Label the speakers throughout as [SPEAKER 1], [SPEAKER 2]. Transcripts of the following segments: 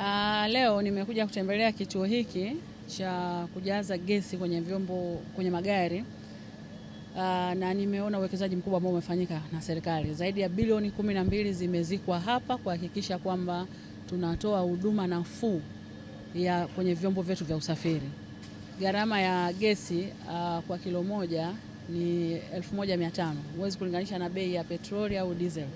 [SPEAKER 1] Uh, leo nimekuja kutembelea kituo hiki cha kujaza gesi kwenye vyombo kwenye magari uh, na nimeona uwekezaji mkubwa ambao umefanyika na serikali. Zaidi ya bilioni kumi na mbili zimezikwa hapa kuhakikisha kwamba tunatoa huduma nafuu ya kwenye vyombo vyetu vya usafiri. Gharama ya gesi uh, kwa kilo moja ni 1500. Huwezi kulinganisha na bei ya petroli au diesel.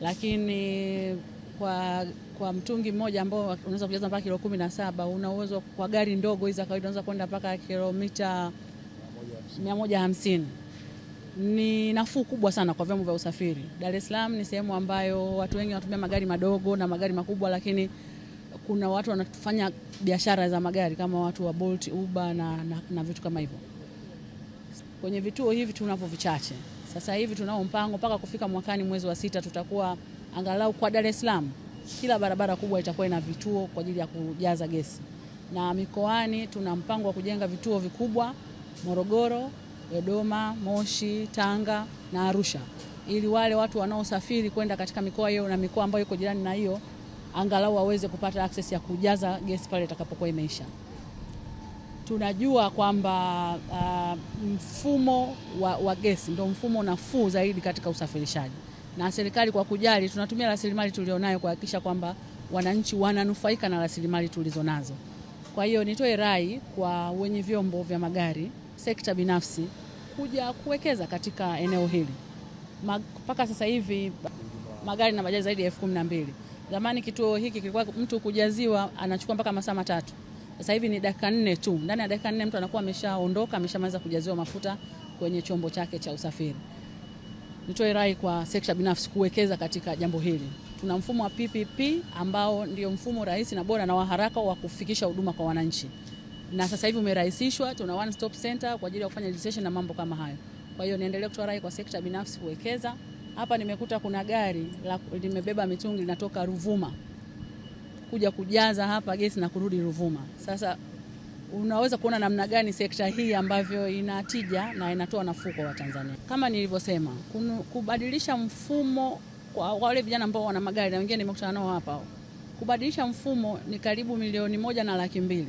[SPEAKER 1] Lakini kwa, kwa mtungi mmoja ambao unaweza kujaza mpaka kilo kumi na saba una uwezo kwa gari ndogo hizi za kawaida unaweza kwenda mpaka kilomita mia moja hamsini ni nafuu kubwa sana kwa vyombo vya usafiri. Dar es Salaam ni sehemu ambayo watu wengi wanatumia magari madogo na magari makubwa, lakini kuna watu wanafanya biashara za magari kama watu wa Bolt, Uber na, na, na vitu kama hivyo. Kwenye vituo hivi tunavyo vichache. Sasa hivi tunao mpango mpaka kufika mwakani mwezi wa sita tutakuwa angalau kwa Dar es Salaam kila barabara kubwa itakuwa ina vituo kwa ajili ya kujaza gesi, na mikoani tuna mpango wa kujenga vituo vikubwa Morogoro, Dodoma, Moshi, Tanga na Arusha, ili wale watu wanaosafiri kwenda katika mikoa hiyo na mikoa ambayo iko jirani na hiyo angalau waweze kupata access ya kujaza gesi pale itakapokuwa imeisha. Tunajua kwamba uh, mfumo wa, wa gesi ndio mfumo nafuu zaidi katika usafirishaji na serikali kwa kujali, tunatumia rasilimali tulionayo kuhakikisha kwamba wananchi wananufaika na rasilimali tulizonazo. Kwa hiyo nitoe rai kwa wenye vyombo vya magari, sekta binafsi kuja kuwekeza katika eneo hili. Mpaka sasa hivi magari na bajaji zaidi ya elfu kumi na mbili. Zamani kituo hiki kilikuwa mtu kujaziwa anachukua mpaka masaa matatu, sasa hivi ni dakika nne tu. Ndani ya dakika nne mtu anakuwa ameshaondoka, ameshamaliza kujaziwa mafuta kwenye chombo chake cha usafiri. Nitoe rai kwa sekta binafsi kuwekeza katika jambo hili. Tuna mfumo wa PPP ambao ndio mfumo rahisi na bora na wa haraka wa kufikisha huduma kwa wananchi, na sasa hivi umerahisishwa. Tuna one stop center kwa ajili ya kufanya registration na mambo kama hayo. Kwa hiyo niendelee kutoa rai kwa sekta binafsi kuwekeza hapa. Nimekuta kuna gari la, limebeba mitungi linatoka Ruvuma kuja kujaza hapa gesi na kurudi Ruvuma. Sasa unaweza kuona namna gani sekta hii ambavyo inatija na inatoa nafuu kwa Watanzania. Kama nilivyosema, kubadilisha mfumo kwa wale vijana ambao wana magari na wengine nimekutana nao hapa, kubadilisha mfumo ni karibu milioni moja na laki mbili.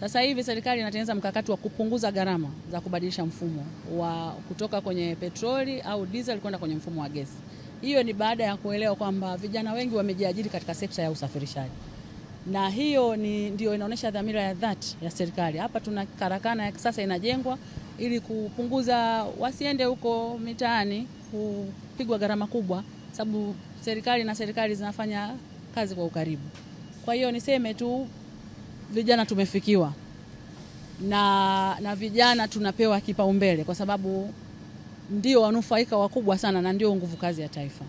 [SPEAKER 1] Sasa hivi serikali inatengeneza mkakati wa kupunguza gharama za kubadilisha mfumo wa kutoka kwenye petroli au diesel kwenda kwenye mfumo wa gesi. Hiyo ni baada ya kuelewa kwamba vijana wengi wamejiajiri katika sekta ya usafirishaji na hiyo ni ndio inaonyesha dhamira ya dhati ya serikali. Hapa tuna karakana ya kisasa inajengwa ili kupunguza wasiende huko mitaani kupigwa gharama kubwa, sababu serikali na serikali zinafanya kazi kwa ukaribu. Kwa hiyo niseme tu vijana tumefikiwa na, na vijana tunapewa kipaumbele kwa sababu ndio wanufaika wakubwa sana na ndio nguvu kazi ya taifa.